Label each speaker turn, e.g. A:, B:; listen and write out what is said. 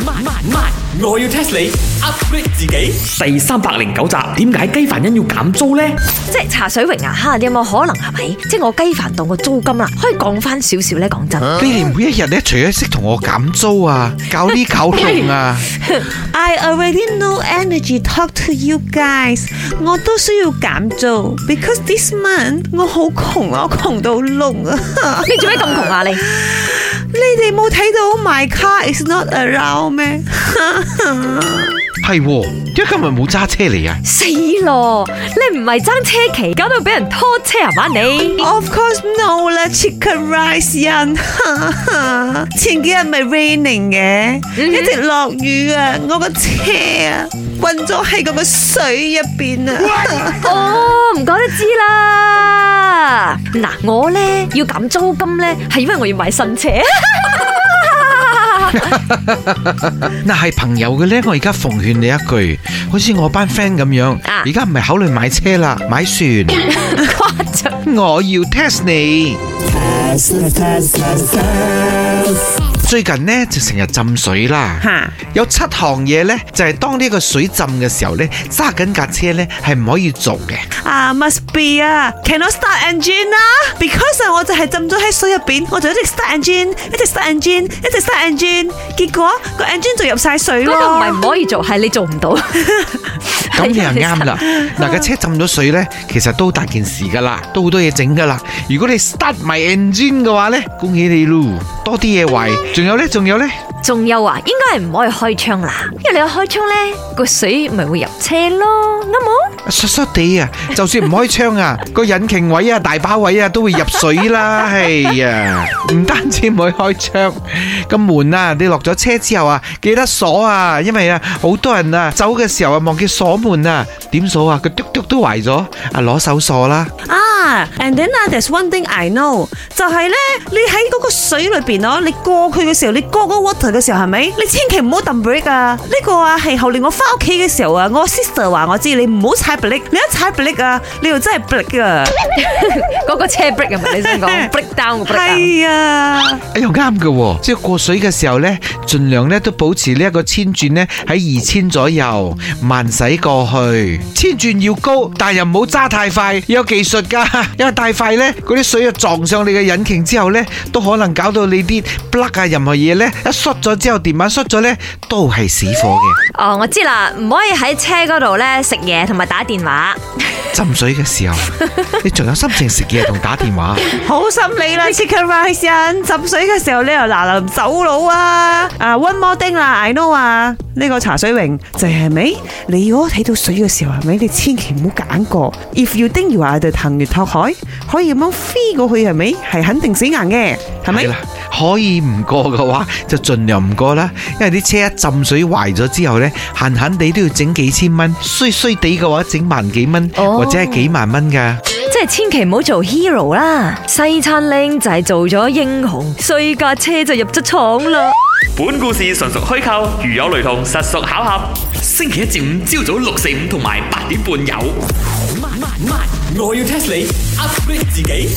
A: 慢慢，我要 test 你
B: upgrade 自己。第三百零九集，點解雞凡恩要減租咧？
A: 即係茶水榮啊，吓你有冇可能係咪？即係我雞凡檔個租金啦，可以降翻少少咧？講真，你哋
B: 每一日咧，除咗識同我減租啊，搞呢搞啷啊
A: ？I already no energy talk to you guys，我都需要減租，because this month 我好窮啊，我窮到窿啊！你做咩咁窮啊你？你哋冇睇到 My car is not around 咩？
B: 係，點解今日冇揸車嚟啊？
A: 死咯！你唔係爭車期，搞到俾人拖車啊嘛你？Of course no 啦，Chicken Rice 人。前幾日咪 raining 嘅，一直落雨啊，我個車啊！浸咗喺嗰嘅水入邊啊、 oh,！哦，唔講都知啦。嗱，我咧要減租金咧，係因為我要買新車。
B: 嗱，係朋友嘅咧，我而家奉勸你一句，好似我班 friend 咁樣，而家唔係考慮買車啦，買船。 我要 test 你。 最近咧就成日浸水啦，有七行嘢咧就係當呢個水浸嘅時候咧揸緊架車咧係唔可以做嘅。
A: 啊，must be 啊，cannot start engine 啊，because 啊我就係浸咗喺水入邊，我就一直 start engine，一直 start engine，一直 start engine，結果個 engine 就入晒水咯。唔係唔可以做，係你做唔到。
B: 咁你又啱啦，嗱架、 啊、車浸咗水咧，其實都大件事噶啦，都好多嘢整噶啦。如果你 start 埋 engine 嘅話咧，恭喜你咯，多啲嘢壞。仲有呢？仲有呢？仲
A: 有啊，應該係唔可以開窗啦，因為你一開窗咧，個水咪會入車咯，啱冇？
B: 濕濕地啊，就算唔開窗啊，個引擎位啊、大把位啊都會入水啦。哎呀，唔單止唔會開窗，個門啊，你落咗車之後啊，記得鎖啊，因為啊，好多人啊走嘅時候啊忘記鎖門啊，點鎖啊？佢嘟嘟都壞咗，啊攞手鎖啦。
A: 啊，and then there's one thing I know，就係呢，你喺嗰個水裏邊咯，你過去嘅時候，你過嗰個 water 嘅時候，係咪？你千祈唔好 down break 啊！呢個啊係後嚟我翻屋企嘅時候啊，我 sister 話我知，你唔好踩。你一踩 break 啊，你又真係 break 啊！嗰個 車 break 啊嘛，你先講 break down，係是啊！哎呀，
B: 啱嘅，即係過水嘅時候咧，盡量咧都保持呢一個千轉咧喺二千左右，慢駛過去。千轉要高，但係又唔好揸太快，有技術噶，因為太快咧，嗰啲水啊撞上你嘅引擎之後咧，都可能搞到你啲 block 啊，任何嘢咧一摔咗之後，電馬摔咗咧，都係死火嘅。
A: 哦，我知啦，唔可以喺車嗰度咧食嘢同埋打電。電話
B: 浸水嘅時候，你仲有心情食嘢同打電話？
A: 好心理啦 s p e c i a l i z a t o n 浸水嘅時候，你又嗱嗱走佬啊！啊，one more thing 啦，I know 啊，呢個茶水泳就係咪？你如果睇到水嘅時候，係咪你千祈唔好揀過？If you think，你話對騰越托海可以咁樣飛過去，係咪？係肯定死硬嘅，係
B: 咪？可以唔過嘅話，就盡量唔過啦。因為啲車一浸水壞咗之後咧，閒閒地都要整幾千蚊，衰衰地嘅話整萬幾蚊或者係幾、哦、 萬蚊噶，
A: 即係千祈唔好做 hero 啦。西餐 ling 就係做咗英雄，碎架車就入咗廠啦。本故事純
B: 屬虛構，如有雷同，實屬巧合。星期一至五朝早六四五同埋八點半有。我要 test 你 upgrade 自己。